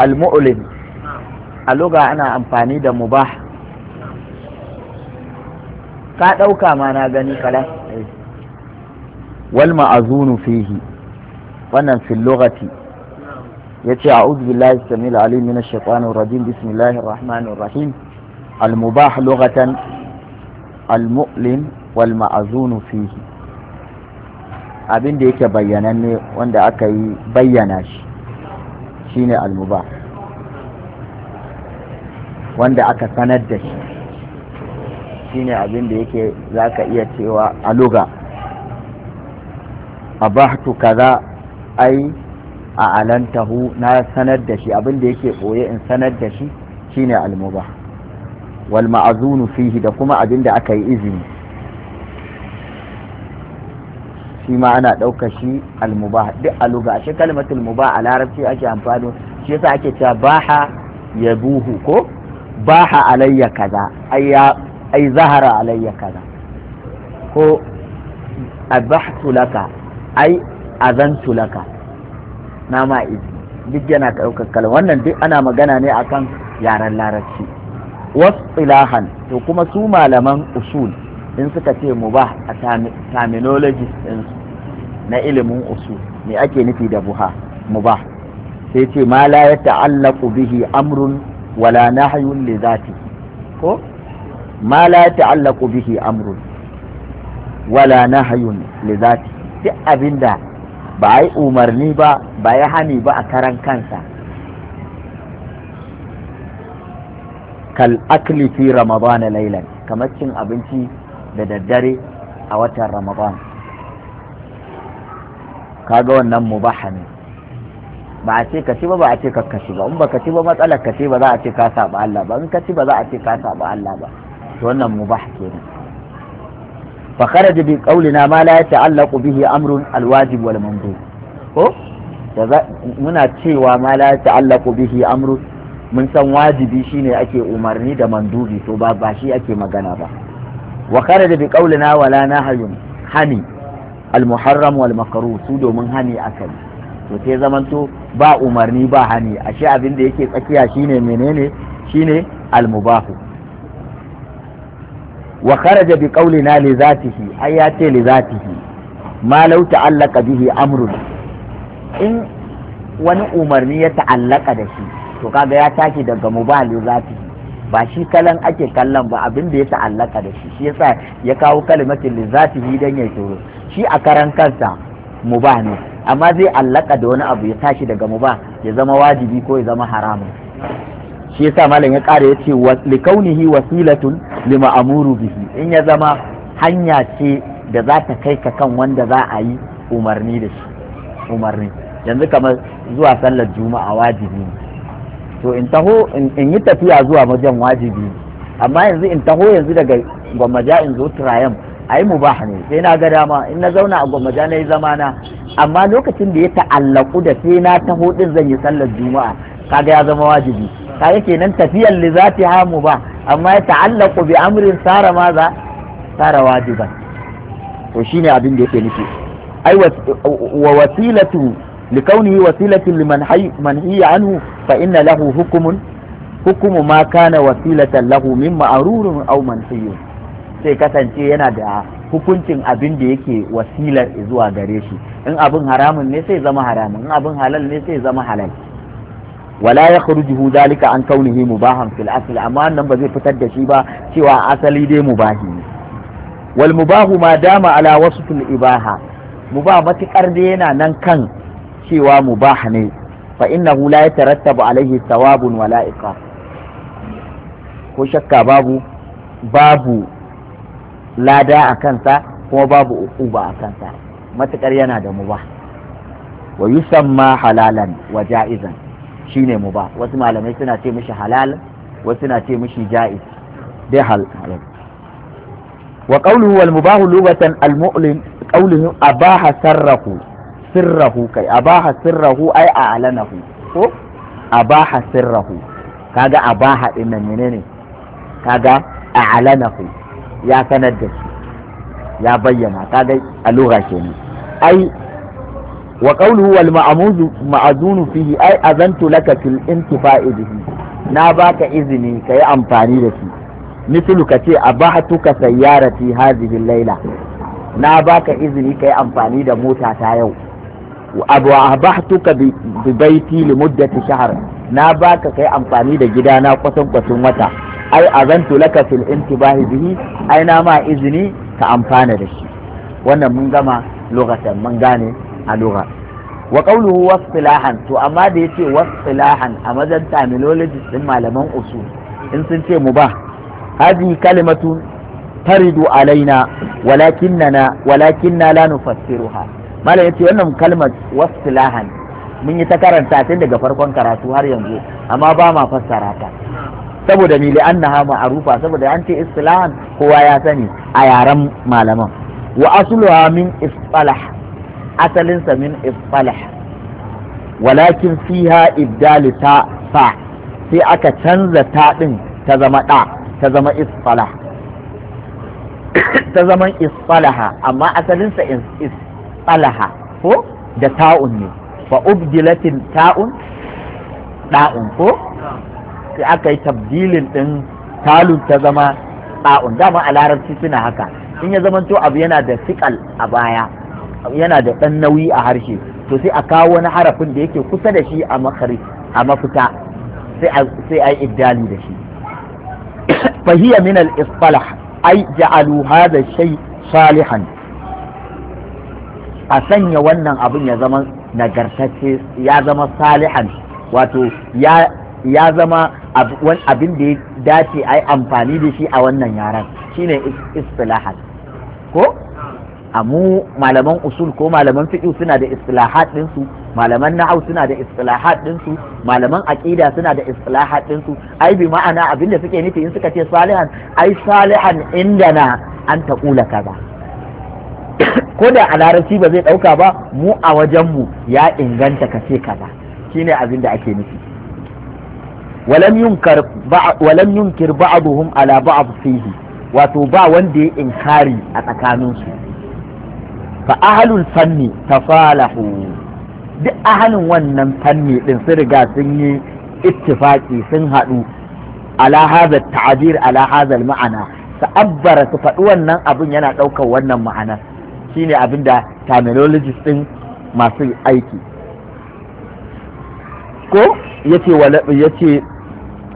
al-mu'lim a luga ana amfani da mubah ka ɗauka ma na gani kala wal ma'azunu fihi wannan fil lugati yace a'udhu billahi samil alim minash shaitanir rajim bismillahir rahmanir rahim al mubah lughatan al mu'lim wal ma'azunu fihi abin da yake bayyananne wanda aka yi bayyana shi shine almuba wanda aka sanar da shi shine abin da yake za ka iya cewa a abahtu kaza ai a alantahu na sanar da shi abin da yake ɓoye in sanar da shi shine almuba wal ma'azunu fihi da kuma abin da aka yi izini shi ma ana ɗauka shi almubah duk a luga shi kalmatul mubah a larabci ake amfani shi yasa ake cewa baha ya buhu ko baha alayya kaza ai zahara alayya kaza ko abahtu laka ai azantu laka na ma duk yana ɗaukar kalma wannan duk ana magana ne akan yaren larabci wasu ilahan to kuma su malaman usul in suka ce mubah a terminologist ɗinsu na ilimin usul me ake nufi da buha mu ba? sai ce ma la ya ta'allaqu bihi amrun wala nahyun li zati ko ma la ya ta'allaqu bihi amrun wala nahyun li zati duk abinda ba yi umarni ba ba yi hani ba a karan kansa kal akli fi ramadan laylan kamar cin abinci da daddare a watan ramadan kaga wannan mubaha ne ba a ce ka ci ba ba a ce ka kashi ba in ba ka ci ba matsalar ka ce ba za a ce ka saba Allah ba in ka ci ba za a ce ka saba Allah ba to wannan mubah kenan fa kharaja bi qawlina ma la yata'allaqu bihi amrun alwajib wal mandub ko muna cewa ma la ta'allaqu bihi amru mun san wajibi shine ake umarni da mandubi to ba ba shi ake magana ba wa kharaja bi qawlina wala nahyun hani almuharram muharram wal makruh su domin hani akali to sai zamanto ba umarni ba hani ashe abin da yake tsakiya shine menene shine al-mubah wa kharaja bi qawlina li zatihi ay ya ce li zatihi ma law ta'allaqa bihi amrun in wani umarni ya ta'allaka da shi to kaga ya tashi daga mubah li zatihi ba shi kalan ake kallon ba abin da ya ta'allaka da shi shi yasa ya kawo kalimatin li zatihi dan ya turo. shi a karan kansa mu ba ne amma zai allaka da wani abu ya tashi daga mu ba ya zama wajibi ko ya zama haramun shi yasa malam ya ƙara ya ce kaunihi wasilatun lima amuru bihi in ya zama hanya ce da za ta kai ka kan wanda za a yi umarni da shi umarni yanzu kamar zuwa sallar juma'a wajibi ne to in taho in yi tafiya zuwa wajen wajibi amma yanzu in taho yanzu daga gwamaja in zo turayen ai ba ne sai na ga dama in na zauna a gwammaja na yi zamana amma lokacin da ya ta'allaku da sai na taho din zan yi sallar juma'a kaga ya zama wajibi kaga kenan tafiyar li zati ha ba amma ya ta'allaku bi amrin sara maza sara wajiban to shine abin da yake nufi ai wa wasilatu لكونه hayy man hiya anhu fa inna lahu hukmun hukmu ma kana wasilatan lahu mimma arurun aw manhiyun sai kasance yana da hukuncin abin da yake wasilar zuwa gare shi in abin haramun ne sai zama haramun in abin halal ne sai zama halal wala ya dalika an kaunihi mubahan fil asl amma wannan ba zai fitar da shi ba cewa asali dai mubahi ne wal mubahu ma dama ala wasfil ibaha mubah matikar dai yana nan kan cewa mubah ne fa innahu la yatarattabu alaihi thawabun wala iqab ko shakka babu babu lada a kansa kuma babu uba a kansa matukar yana da ba wa yusamma halalan wa ja'izan shine ba wasu malamai suna ce mishi halal wasu suna ce mishi ja'iz dai halal wa qawluhu wal mubahu lugatan al mu'lim qawluhu abaha sarrahu sirrahu kai abaha sirrahu ai a'lanahu ko abaha sirrahu kaga abaha din nan menene kaga a'lanahu ya sanar da su ya bayyana kaga a lura kenan ai wa qawluhu wal ma'muzu ma'azunu fihi ai azantu laka fil intifa'i bihi na baka izini kai amfani da shi mislu ka ce abahtuka sayyarati hadhihi layla na baka izini kai amfani da mota ta yau abu abahtuka bi baiti li shahr na baka kai amfani da gidana kwasan kwasan wata ai azantu laka fil intibahi bihi ai na ma izini ka amfana da shi wannan mun gama lugatan mun gane a lugha wa qawluhu wasilahan to amma da yace wasilahan a mazan terminology din malaman usul in sun ce mu ba hadi kalimatu taridu alaina walakinna walakinna la nufassiruha malam yace wannan kalmar wasilahan mun yi ta karanta tun daga farkon karatu har yanzu amma ba ma fassara ta saboda ni li annaha ma'rufa saboda an ce istilahan kowa ya sani a yaren malaman wa asluha min isfalah asalin sa min isfalah walakin fiha ibdalu ta fa sai aka canza ta din ta zama da ta zama isfalah ta zama isfalaha amma asalin sa isfalaha ko da ta'un ne fa ubdilatin ta'un da'un ko sai aka yi tabdilin ɗin talun ta zama ɗa'un dama a larabci suna haka in ya zamanto abu yana da sikal a baya yana da ɗan nauyi a harshe to sai a kawo wani harafin da yake kusa da shi a makari a mafita sai a yi iddali da shi fahiya min al-isfalah ai ja'alu hadha shay salihan a sanya wannan abin ya zama nagartacce ya zama salihan wato ya zama abin da ya dace a yi amfani da shi a wannan yaren shine istilahat ko a mu malaman usul ko malaman fiƙi suna da istilahat ɗinsu malaman na'au suna da istilahat ɗinsu malaman aƙida suna da istilahat ɗinsu ai bi ma'ana abin da suke nufi in suka ce salihan ai salihan na an taqula kaza ko da a larabci ba zai ɗauka ba mu a wajenmu ya inganta ka ce kaza shine abin da ake nufi walam yunkar walam yunkir ba'dhum ala ba'd fihi wato ba wanda ya inkari a tsakaninsu fa ahlul fanni tafalahu duk ahalin wannan fanni din sun riga sun yi ittifaki sun haɗu ala hadha ta'abir ala hadha ma'ana ta'abbara su faɗi wannan abin yana ɗaukar wannan ma'ana shine abin da terminologist din masu aiki ko yace yace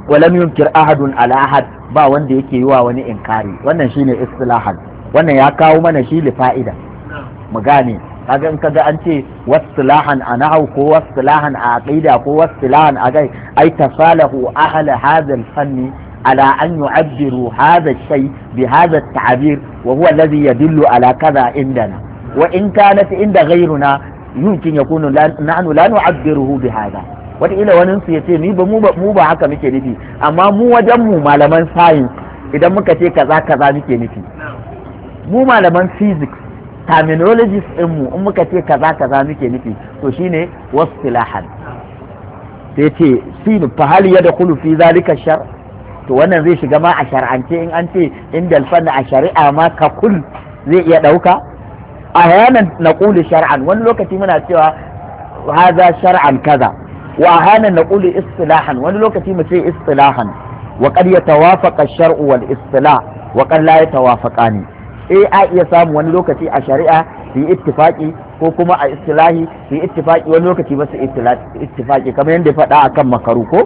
walam yunkir ahadun ala ahad ba wanda yake yi wa wani inkari wannan shine istilahan wannan ya kawo mana shi li fa'ida mu gane kaga in kaga an ce wasilahan a nahau ko wasilahan a aqida ko wasilahan a gai ai tasalahu ahla hadha al-fanni ala an yu'abbiru hadha shay bi hadha at-ta'bir wa huwa alladhi yadullu ala kaza indana wa in kanat inda ghayruna yumkin yakunu nahnu la nu'abbiruhu bi hadha wataƙila wani su ya ce ni ba mu ba haka muke nufi amma mu wajen mu malaman sayin idan muka ce kaza kaza muke nufi mu malaman physics terminologies din mu in muka ce kaza kaza muke nufi to shine wasilahan sai ce sin fa hal yadkhulu fi zalika shar to wannan zai shiga ma a shar'ance in an ce in dalfan a shari'a ma ka kul zai iya dauka a na naqulu shar'an wani lokaci muna cewa haza shar'an kaza wa hana naqulu istilahan wani lokaci mu ce istilahan wa qad yatawafaqa ash-shar'u wal istilah wa la eh a iya samu wani lokaci a shari'a su yi ittifaki ko kuma a istilahi su yi ittifaki wani lokaci ba su ittifaki kamar yadda ya faɗa akan makaru ko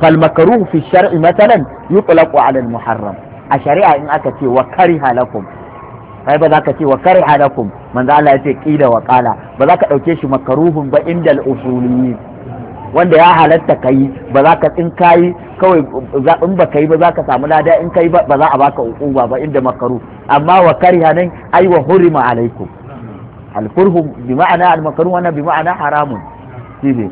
fal makaru fi shar'i matalan yuqlaqu ala al-muharram a shari'a in aka ce wa kariha lakum kai ba za ka ce wa kariha lakum manzo Allah ya ce qila wa qala ba za ka dauke shi makaruhun ba inda al-usuliyyin wanda ya halatta ka yi ba za ka tsin kayi kawai in ba ka yi ba za ka samu lada in ka yi ba za a baka uquba ba inda makaru amma wa kari nan ai wa hurima alaikum alfurhu bi ma'ana almakaru wannan bi ma'ana haramun shine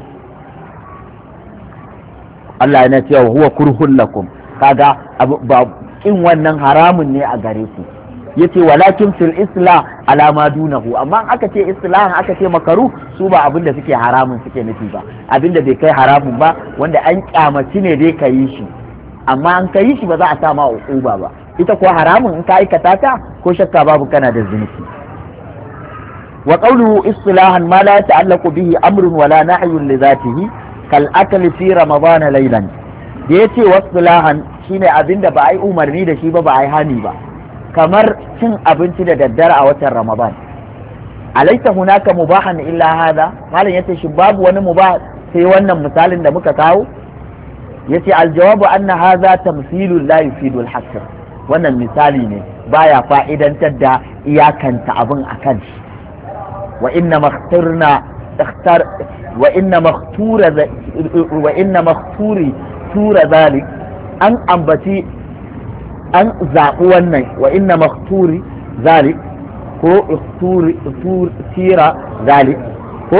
Allah yana cewa huwa kurhun lakum kaga ba in wannan haramun ne a gare ku yace walakin fil isla alama dunahu amma aka ce islahan aka ce makaru su ba abin da suke haramun suke nufi ba abin da bai kai haramun ba wanda an kyamaci ne dai ka yi shi amma an ka yi shi ba za a sa ma uquba ba ita ko haramun in ka aikata ta ko shakka babu kana da zunubi wa qawluhu islahan ma la ta'allaqu bihi amrun wala nahyun li dhatihi kal akli fi ramadan laylan da yace wasbilahan shine abinda ba a yi umarni da shi ba ba a yi hani ba kamar cin abinci da daddare a watan ramadan alaita hunaka mubahan illa hada malam yace shi babu wani mubah sai wannan misalin da muka kawo yace aljawabu anna hadha tamthilun la yufidu alhasr wannan misali ne baya fa'idantar da iyakanta abin akan shi wa inna makhtarna takhtar tura zalik an ambaci an zaɓi wannan wa inna makturi zalik ko tira zalik ko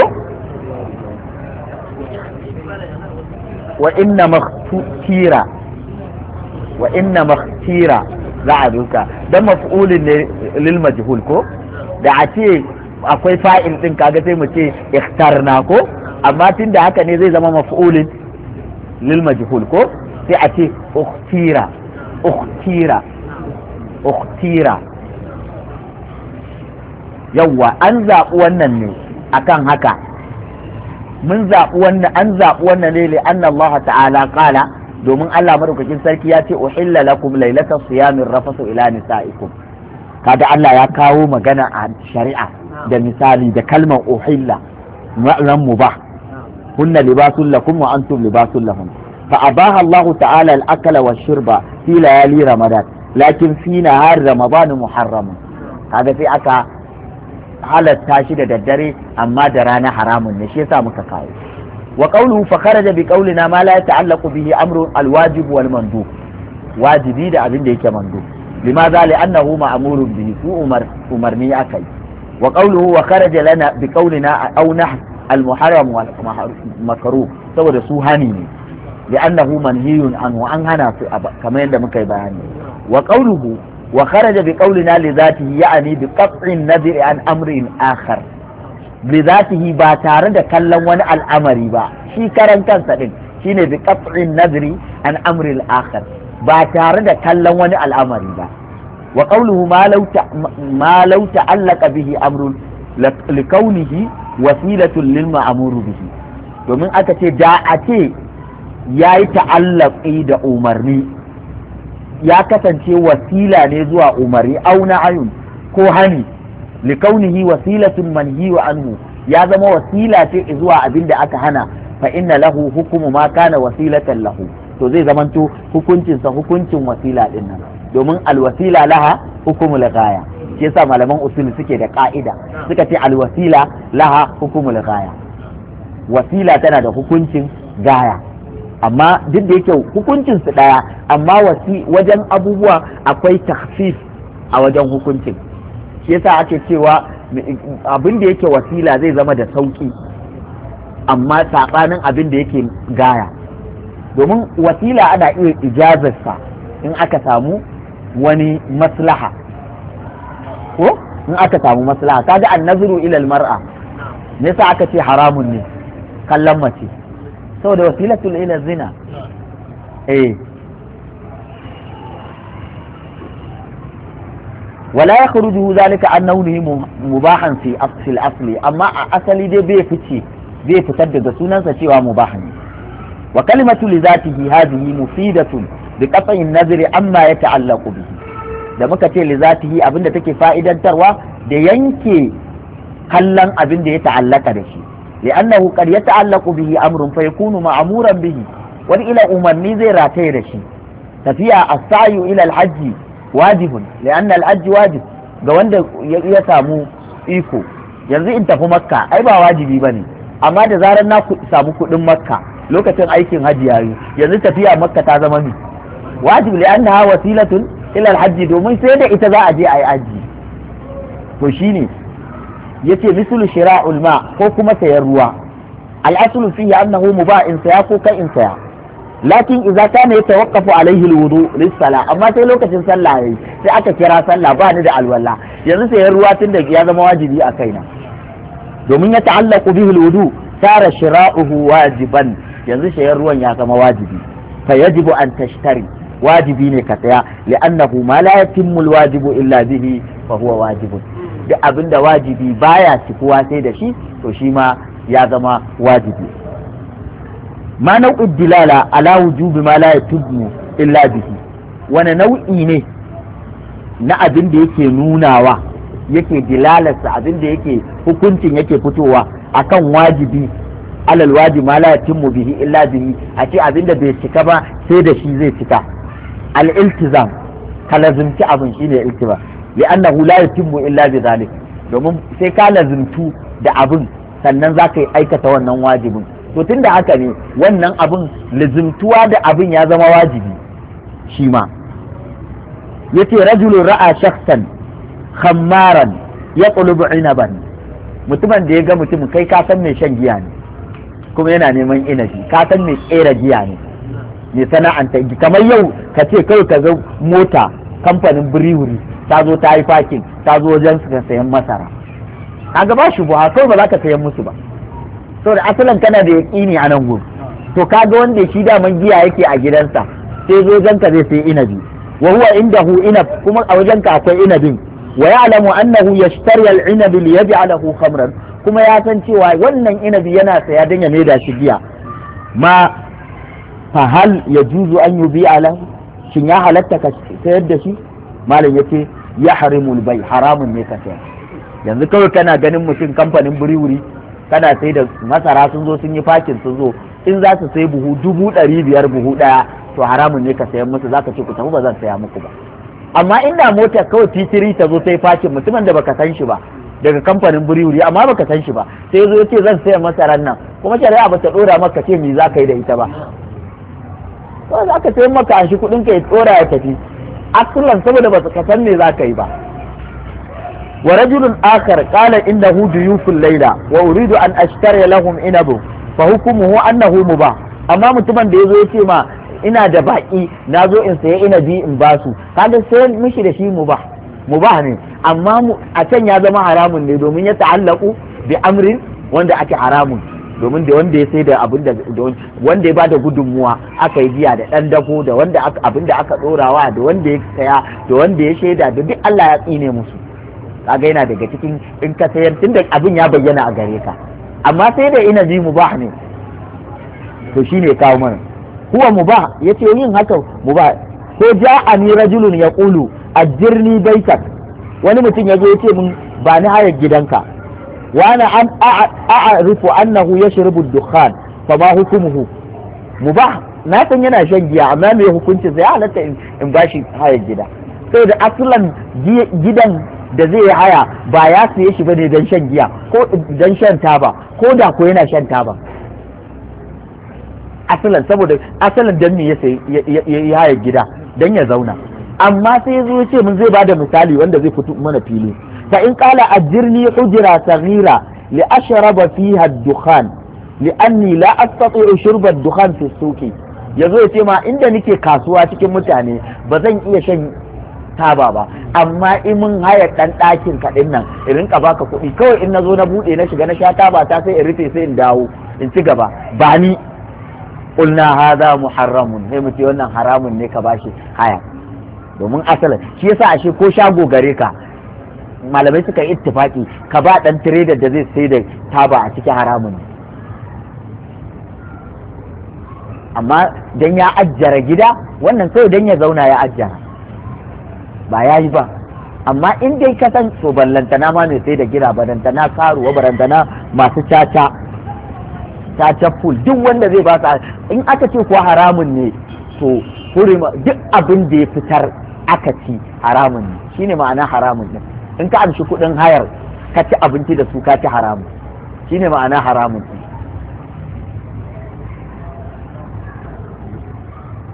wa inna makturi wa inna makturi za a duka don maf'ulin ne lil majhul ko da a ce akwai fa'il din kaga sai mu ce ikhtarna ko amma tun da haka ne zai zama maf'ulin lil majhul ko sai a ce ukhtira uktira uktira yawwa an zaɓi wannan ne akan haka mun zaɓi wannan an zaɓi wannan ne li anna Allah ta'ala qala domin Allah madaukakin sarki ya ce uhilla lakum lailatas siyamin rafasu ila nisaikum kada Allah ya kawo magana a shari'a da misali da kalmar uhilla ma'anan mubah kunna libasun lakum wa antum libasun lahum fa abaha Allah ta'ala al-akala wa shirba fi layali ramadan lakin fi nahar ramadan muharram kaga sai aka halatta shi da daddare amma da rana haramun ne shi yasa muka kawo wa qawluhu fa kharaja bi qawlina ma la yata'allaqu bihi amrun al da abinda da yake mandub limaza annahu ma'murun bihi umarni akayi. wa qawluhu wa kharaja lana saboda su hani ne li'annahu manhiyun anhu an hana su kamar yadda muka yi bayani wa qawluhu wa kharaja bi qawlina li dhatihi bi qat'in nadri an amrin akhar li dhatihi ba tare da kallon wani al'amari ba shi karan kansa din shine bi qat'in nadri an amrin akhar ba tare da kallon wani al'amari ba wa qawluhu bihi wasilatun lil bihi domin aka ce da a ce ya yi ta'allaƙi da umarni ya kasance wasila ne zuwa umarni au na ayun ko hani likaunihi wasilatun manhiyu anhu ya zama wasila ce zuwa abin da aka hana fa inna lahu hukumu ma kana wasilatan lahu to zai zamanto hukuncinsa hukuncin wasila din nan domin alwasila laha hukumul ghaya shi yasa malaman usul suke da ka'ida suka ce alwasila laha hukumul ghaya wasila tana da hukuncin gaya amma duk da yake hukuncin su daya amma wasi wajen abubuwa akwai tahfif a wajen hukuncin shi yasa ake cewa abin da yake wasila zai zama da sauki amma saɓanin abin da yake gaya domin wasila ana iya ijazarsa in aka samu wani maslaha ko in aka samu maslaha kaga an naziru ilal mar'a Me yasa aka ce haramun ne kallon mace saboda wasilatul ila zina eh wala ya kharuju zalika annahu ne mubahan fi asl asli amma a asali dai bai fice bai fitar daga sunansa cewa mubahan ne wa kalimatu li zatihi hadhihi mufidatun bi qat'i nazari amma ya ta'allaqu bihi da muka ce li zatihi abinda take fa'idantarwa da yanke kallon abin da ya ta'allaka da shi li'annahu qad yata'allaqu bihi amrun fa yakunu bihi wani ila umarni zai rataye da shi tafiya as-sa'yu ila al-hajj wajibun li'anna al wajib ga wanda ya samu iko yanzu in tafi makka ai ba wajibi ba ne amma da zarar na samu kuɗin makka lokacin aikin hajji yayi yanzu tafiya makka ta zama mi wajib li'annaha wasilatun ila al-hajj domin sai da ita za a je a yi aji to shine yace mislu shira'ul ma ko kuma sayar ruwa al'aslu ya annahu muba'in saya ko kai in saya lakin idza kana yatawaqqafu alaihi alwudu lis amma sai lokacin sallah yayi sai aka kira sallah ba ni da alwala yanzu sayar ruwa tun da ya zama wajibi a kaina domin ya ta'allaqu bihi alwudu sara shira'uhu wajiban yanzu sayar ruwan ya zama wajibi fa yajibu an tashtari wajibi ne ka saya li'annahu ma la yatimmu alwajibu illa bihi fa huwa wajibun duk abin da wajibi baya cikuwa sai da shi to shi ma ya zama wajibi ma nau'ud dilala ala wujubi ma la yatubu illa bihi wani nau'i ne na abin da yake nunawa yake dilalarsa abin da yake hukuncin yake fitowa akan wajibi alal waji ma la yatimmu bihi illa bihi a ce abin da bai cika ba sai da shi zai cika al iltizam ka lazimci abin shine iltizam li'annahu la mu illa bi zalik domin sai ka lazimtu da abin sannan za ka yi aikata wannan wajibin to tun da haka ne wannan abin lazimtuwa da abin ya zama wajibi shi ma yace rajulun ra'a shakhsan khammaran yaqlubu inaban mutumin da ya ga mutum kai ka san mai shan giya ne kuma yana neman inabi ka san mai tsera giya ne mai sana'anta kamar yau ka ce kai ka ga mota kamfanin biriwuri ta zo ta yi fakin ta zo wajen ka sayan masara a gaba shi buha kawai ba za ka sayan musu ba da asalin kana da yaƙini a nan gudu to kaga wanda shi daman giya yake a gidansa sai zo ka zai sai inabi wa huwa indahu inab kuma a wajenka akwai inabin wa ya'lamu annahu yashtari al-inab li yaj'alahu khamran kuma ya san cewa wannan inabi yana saya dan ya maida shi giya ma fa hal yajuzu an yubi ala shin ya halatta ka sayar da shi malam ce ya harimul bai haramun ne ka sayar yanzu kawai kana ganin mutum kamfanin buriwuri kana sai da masara sun zo sun yi fakin sun zo in za su sai buhu dubu ɗari biyar buhu ɗaya to haramun ne ka sayan musu za ka ce ku tafi ba zan saya muku ba amma inda mota kawai titiri ta zo sai fakin mutumin da baka san shi ba daga kamfanin buriwuri amma baka san shi ba sai zo ce zan saya masaran nan kuma shari'a ba ta ɗora maka ce me za ka yi da ita ba ko za ka sayan maka an shi kuɗin ka ya dora ya tafi aslan saboda ba su kasan me za ka yi ba wa rajulun akhar qala innahu duyuful layla wa uridu an ashtari lahum inabu fa hukmuhu mu ba amma mutumin da ya ya ce ma ina da baki na zo in saye inabi in basu kaga sai mishi da shi mu ba ne amma a can ya zama haramun ne domin ya ta'allaku bi amrin wanda ake haramun domin da wanda ya sai da abin da wanda ya ba da gudunmuwa aka yi biya da ɗan dako da wanda abin da aka ɗorawa da wanda ya saya da wanda ya shaida da duk Allah ya tsine musu kaga yana daga cikin in ka sayar tunda abin ya bayyana a gare ka amma sai da ina ji mubah ne to shine kawo mana huwa mubah yace yin haka mubah ko ja'a ni rajulun yaqulu ajirni baitak wani mutum yazo yace mun ba ni hayar gidanka وانا ام اعرف انه يشرب الدخان فما حكمه مباح na san yana shan giya amma me hukunci zai halatta in bashi haya gida sai da asalan gidan da zai yi haya ba ya siye shi bane don shan giya ko don shan taba ko da ko yana shan taba asalan saboda asalan dan me ya yi haya gida don ya zauna amma sai ya zo ce mun zai bada misali wanda zai fito mana fili fa in qala ajirni hujra saghira li ashraba fiha ad-dukhan li anni la astati'u shurba yazo ya ce ma inda nike kasuwa cikin mutane ba zan iya shan taba ba amma in mun haya dan ɗakin kaɗin nan in rinka baka kuɗi kawai in nazo na buɗe na shiga na sha taba ta sai in rufe sai in dawo in ci gaba ba ni qulna hadha muharramun sai mu ce wannan haramun ne ka bashi haya domin asalin shi yasa ashe ko shago gare ka malamai suka yi ittifaki ka ba dan tiredar da zai sai da taba a cikin haramun amma dan ya ajjara gida wannan sai dan ya zauna ya ajjara ba ya yi ba amma in dai ka san to ballantana ma mai sai da gida ballantana karuwa ballantana masu caca caca pool duk wanda zai ba su in aka ce kuwa haramun ne to hurima duk abin da ya fitar aka ci haramun ne shine ma'ana haramun ne in ka amshi kuɗin hayar ka ci abinci da su ka ci haramu shine ma'ana haramun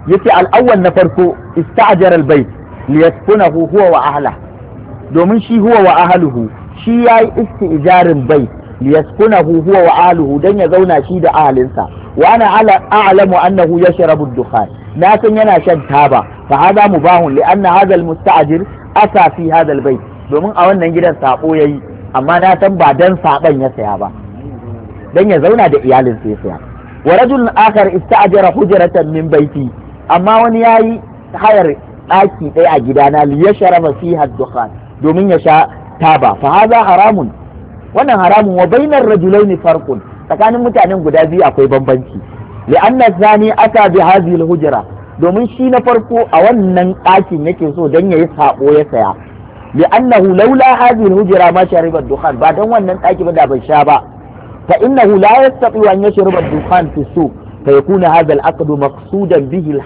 ce al'awwal na farko ista'jara al-bayt liyaskunahu huwa wa ahla domin shi huwa wa ahluhu shi yayi isti'jarin bayt liyaskunahu huwa wa ahluhu dan ya zauna shi da ahalinsa wa ana a'lamu annahu yashrabu ad-dukhan na san yana shan taba fa hada mubahun li anna hadha al-musta'jir ata fi hadha al-bayt domin a wannan gidan sabo ya yi amma na san ba dan saban ya saya ba dan ya zauna da iyalin sai saya wa a akhar ista'jara hujratan min baiti amma wani yayi hayar daki ɗaya a gidana li yashraba fiha dukhan domin ya sha taba fa hadha haramun wannan haramun wa bainar rajulain farqun tsakanin mutanen guda biyu akwai bambanci li'anna zani aka bi hadhihi al-hujra domin shi na farko a wannan ɗakin yake so dan yayi saɓo ya saya li'annahu laula hadhihi al-hujra ma shariba ad-dukhan ba dan wannan ɗaki ba da ban sha ba fa hu la yastati an yashriba ad-dukhan fi suq fa yakuna hadha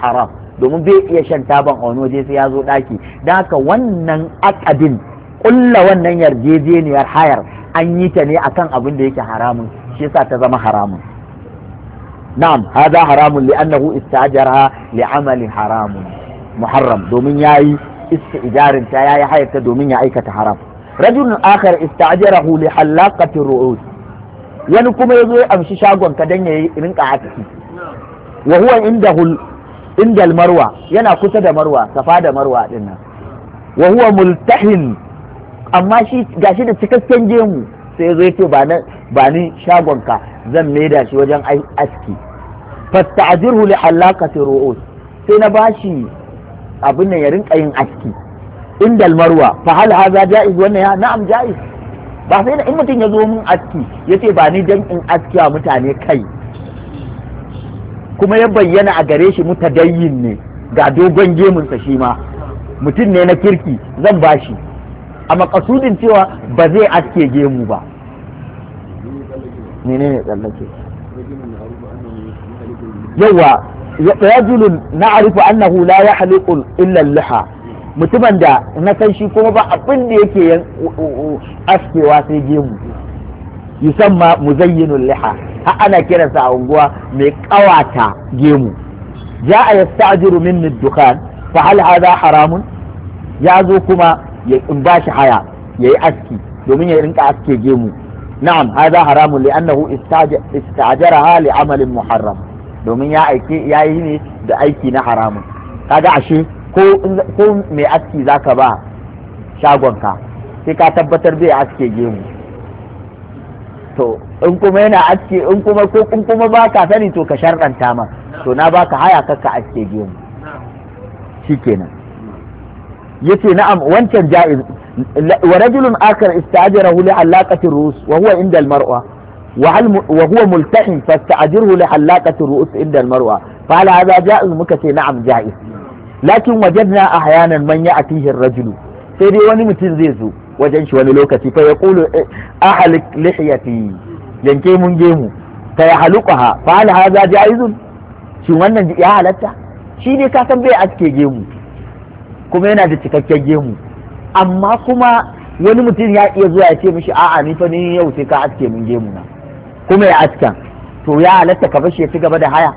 haram domin bai iya shan taban a wani waje sai ya zo ɗaki. Da haka wannan akadin ƙulla wannan yarjejeniyar hayar an yi ta ne akan abin da yake haramun shi yasa ta zama haramun na'am haza haramun li'annahu istajara li'amali haramun muharram domin yayi isti'jarin ta yayi hayata domin ya aikata haram rajulun akhar ista'jarahu li halaqati ru'us wani kuma yazo ya amshi shagon ka dan yayi rinka aski wa huwa indahu indal marwa yana kusa da marwa safa da marwa din nan wa huwa multahin amma shi gashi da cikakken gemu sai yazo yace ba ba ni shagon ka zan maida shi wajen aski fasta'jirhu li halaqati ru'us sai na bashi abin nan ya rinka yin aski indal marwa fa hal haza jaiz wannan ya na'am jaiz ba sai in mutum ya zo mun aski yace ba ni dan in aski mutane kai kuma ya bayyana a gare shi mutadayyin ne ga dogon gemunsa shi ma mutum ne na kirki zan bashi a makasudin cewa ba zai aske gemu ba menene tsallake yawa rajulun na'rifu annahu la yahliqu illa liha mutumin da na san shi kuma ba abin da yake askewa sai gemu yusamma muzayyinul liha ha ana kiransa a unguwa mai kawata gemu ja'a yasta'jiru minni dukkan fa hal hadha haramun ya zo kuma ya in bashi haya yayi aski domin ya rinka aske gemu na'am hadha haramun li'annahu amalin li'amalin muharram domin ya aiki ya yi ne da aiki na haramun kaga ashe ko ko mai aski zaka ba shagonka sai ka tabbatar bai aske gemu to in kuma yana aske in kuma ko in kuma baka sani to ka sharɗanta ma to na baka haya kakka aske gemu shikenan yace na'am wancan ja'iz wa rajulun akar istajarahu li alaqati rus wa huwa inda al-mar'a وهو ملتحم فاستأجره لحلاقة الرؤوس عند المروة قال هذا جائز مكتي نعم جائز لكن وجدنا أحيانا من يأتيه الرجل سيدي ونمتن زيزو wajen shi wani lokaci fa yaqulu ahlik lihiyati yanke mun gemu fa yahluqaha fa hal hadha jaizun shi wannan ya halatta shi ne ka san bai aske gemu kuma yana da cikakken gemu amma kuma wani mutum ya iya zuwa ya ce a'a ni fa ni yau sai ka aske mun gemu na kuma ya askan to ya halatta ka bashi ya ci gaba da haya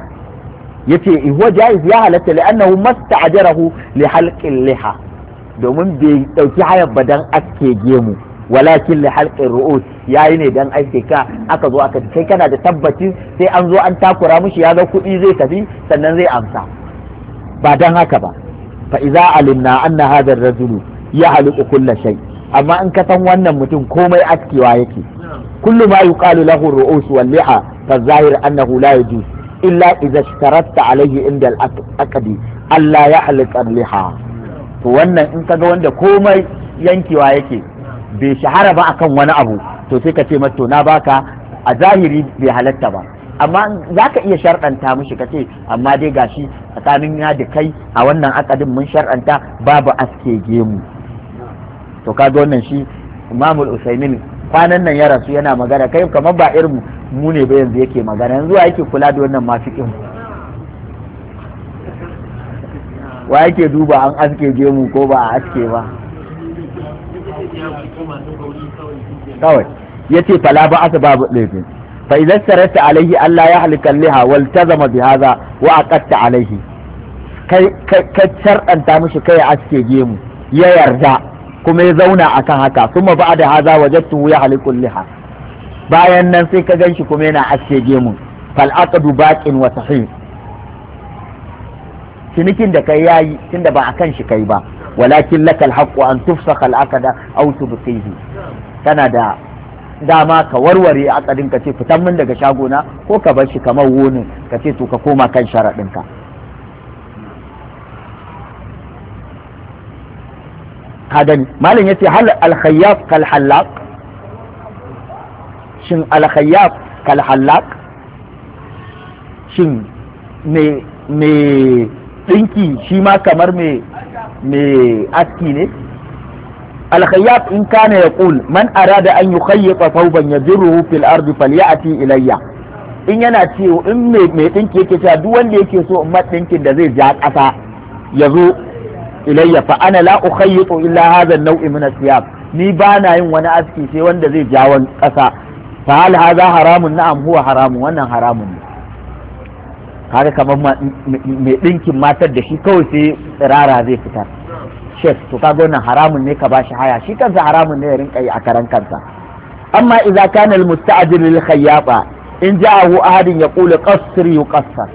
yace huwa jaiz ya halatta li'annahu masta'jarahu li halqin liha domin bai dauki haya ba dan aske gemu walakin li halqin ru'us yayi ne dan aske ka aka zo aka kai kana da tabbaci sai an zo an takura mushi ya ga kuɗi zai tafi sannan zai amsa ba dan haka ba fa idza alimna anna hadha ar-rajulu ya haluqu kulli shay amma in ka san wannan mutum komai askewa yake kullu ma yuqalu lahu ar-ru'us wal liha fa zahir annahu la yajuz illa idza ishtaratta alayhi inda al-aqdi Allah ya halqa liha to wannan in kaga wanda komai yankewa yake bai shahara ba akan wani abu to sai ka ce masa na baka a zahiri bai halatta ba amma za ka iya sharɗanta mushi ka ce amma ga shi tsakanin ya da kai a wannan akadin mun sharɗanta babu aske gemu to kaga wannan shi imamul usaimin kwanan nan ya rasu yana magana kai kamar ba irin mu ne ba yanzu yake magana yanzu wa yake kula da wannan masu kin wa yake duba an aske gemu ko ba a aske ba kawai Ya ce fala ba asa babu laifin fa idan sarata alaihi Allah ya halika liha wal tazama bi hadha wa aqatta alaihi kai ka sharɗanta mishi kai aske gemu ya yarda kuma ya zauna akan haka sun ba'a da haza wajattu ya halikul liha bayan nan sai ka ganshi kuma yana aske gemu fal aqdu baqin wa sahih cinikin da kai yayi tunda ba akan shi kai ba walakin lakal haƙƙo an tufsakha da aqda aw tubqihi kana da dama ka warware akadin ka ce fitan min daga shagona ko ka bar shi kamar wonin ka ce to ka koma kan sharaɗinka ka malin malam yace hal al kal hallaq shin al kal hallaq shin me me dinki shi ma kamar me me aski ne الخياط in kana يقول man arada an يخيط thawban يجره fil ardi falyati ilayya in yana cewa in me ɗinki yake cewa duk wanda yake so in ɗinkin da zai ja ƙasa ya zo ilayya fa ana la ukhayyitu illa hadha an-naw'i min as-siyab ni ba na yin wani aski sai wanda zai jawo kasa fa hal hadha haramun na'am huwa haramun wannan haramun ne kaga kamar mai ɗinkin matar da shi kawai sai tsirara zai fitar shek to kaga wannan haramun ne ka bashi haya shi kansa haramun ne ya rinka yi a karan kansa amma idza kana al-musta'jil lil khayyaba in ja'ahu ahadin yaqulu qassir yuqassar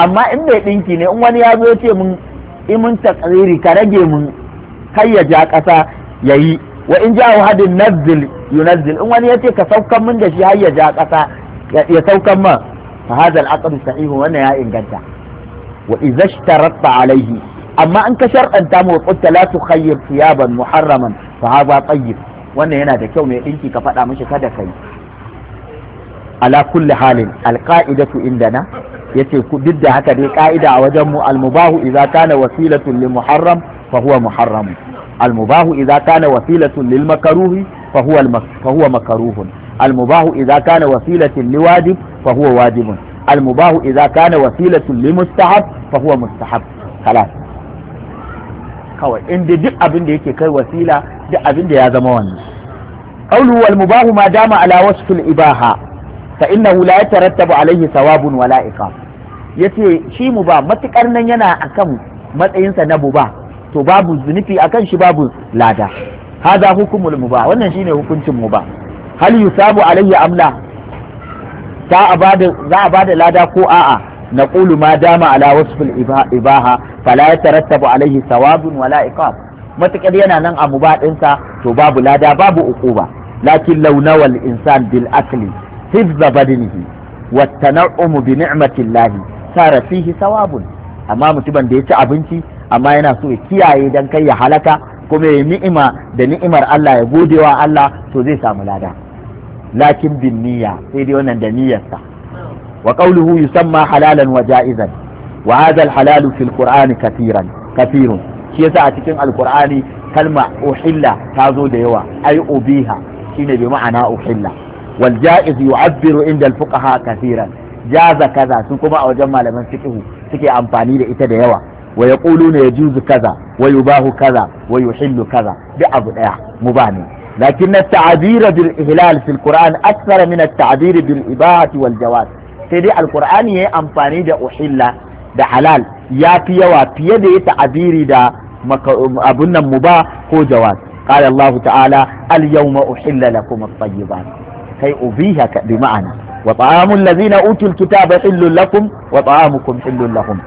amma in mai ɗinki ne in wani ya zo ya ce mun imin taqriri ka rage mun kai ya ja ƙasa yayi wa in ja hadin nazzil yunazzil in wani yace ka saukan min da shi har ya ja ƙasa ya saukan ma fa hadha al-aqd sahih wannan ya inganta wa idza ishtaratta alayhi amma in ka shar'anta mu qutta la tukhayyir thiyaban muharraman fa hadha tayyib wannan yana da kyau mai dinki ka faɗa mishi kada kai ala kulli halin alqa'idatu indana yace ku duk da haka dai ka'ida a wajen mu almubahu idza kana wasilatun lil muharram fa huwa muharram almubahu idza kana wasilatun lil makruhi fa huwa fa huwa makruhun almubahu idza kana wasilatun li wajib fa huwa wajibun almubahu idza kana wasilatun li mustahab fa huwa mustahab khalas kawai inda duk abin da yake kai wasila duk abin da ya zama wannan qawlu wal mubahu ma dama ala wasfil ibaha fa innahu la yatarattabu alayhi thawabun wala iqab ya ce shi mu ba matukar nan yana akan matsayinsa na buba to babu zunufi akan shi babu lada hada hukumul ba wannan ne hukuncin muba hal yusabu alayya amla ta abada za a bada lada ko a'a na qulu ma dama ala wasfil ibaha fala yatarattabu alayhi thawabun wala iqab matakar yana nan a muba dinsa to babu lada babu uquba lakin launawal insan bil akli hifza badinihi wa tanaumu bi ni'mati sara fihi sawabun amma mutumin da ya ci abinci amma yana so ya kiyaye dan kai ya halaka kuma ya ni'ima da ni'imar Allah ya gode wa Allah to zai samu lada lakin bin niyya sai dai wannan da niyyarsa wa qawluhu yusamma halalan wa ja'izan wa hadha al-halalu fil qur'ani kathiran kathirun shi yasa a cikin alqur'ani kalma uhilla ta zo da yawa ai ubiha shine bi ma'ana uhilla wal ja'iz yu'abbiru inda al-fuqaha kathiran jaza kaza sun kuma a wajen malaman fiqhu suke amfani da ita da yawa wa yaquluna yajuzu kaza wa yubahu kaza wa yuhillu kaza duk abu daya mubani lakin at-ta'bir bil ihlal fil qur'an akthar min at-ta'bir bil ibahati wal jawaz sai dai alqur'ani yayi amfani da uhilla da halal ya fi yawa fiye da ya ta'abiri da abun nan ba ko jawaz qala Allah ta'ala al yawma uhilla lakum at-tayyibat kai ubiha ma'ana wa ta'amul ladzina utul kitaba illul lakum wa ta'amukum illul lahum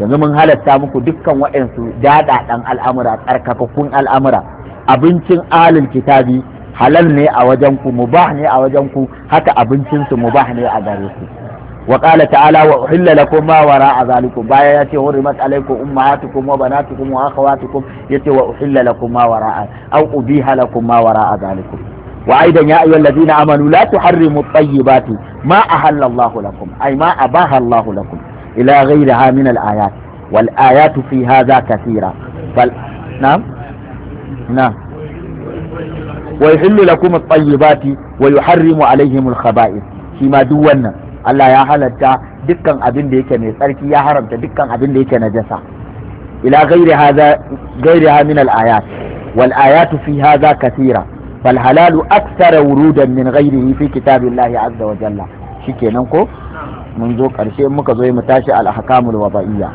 yanzu mun halatta muku dukkan waɗansu daɗaɗan al'amura tsarkakakkun al'amura abincin alil kitabi halal ne a wajen ku mubah ne a wajen ku haka abincin su mubah ne a gare ku wa qala ta'ala wa uhilla lakum ma wara azalikum baya yace hurimat alaykum ummahatukum wa banatukum wa akhawatukum yace wa uhilla lakum ma wara au ubiha lakum ma wara azalikum وأيضا يا أيها الذين آمنوا لا تحرموا الطيبات ما أهل الله لكم أي ما أباها الله لكم إلى غيرها من الآيات والآيات في هذا كثيرة فال... نعم نعم ويحل لكم الطيبات ويحرم عليهم الخبائث فيما دون Allah ya halatta dukkan abin da yake mai tsarki ya haramta dukkan abin da yake najasa ila gairi hadha gairi min al ayat wal ayatu fi hadha kathira fal halalu aksara wurudan min ghairihi fi kitabillahi azza wa jalla shikenan ko mun zo karshe muka zo mu tashi al ahkamul wada'iyya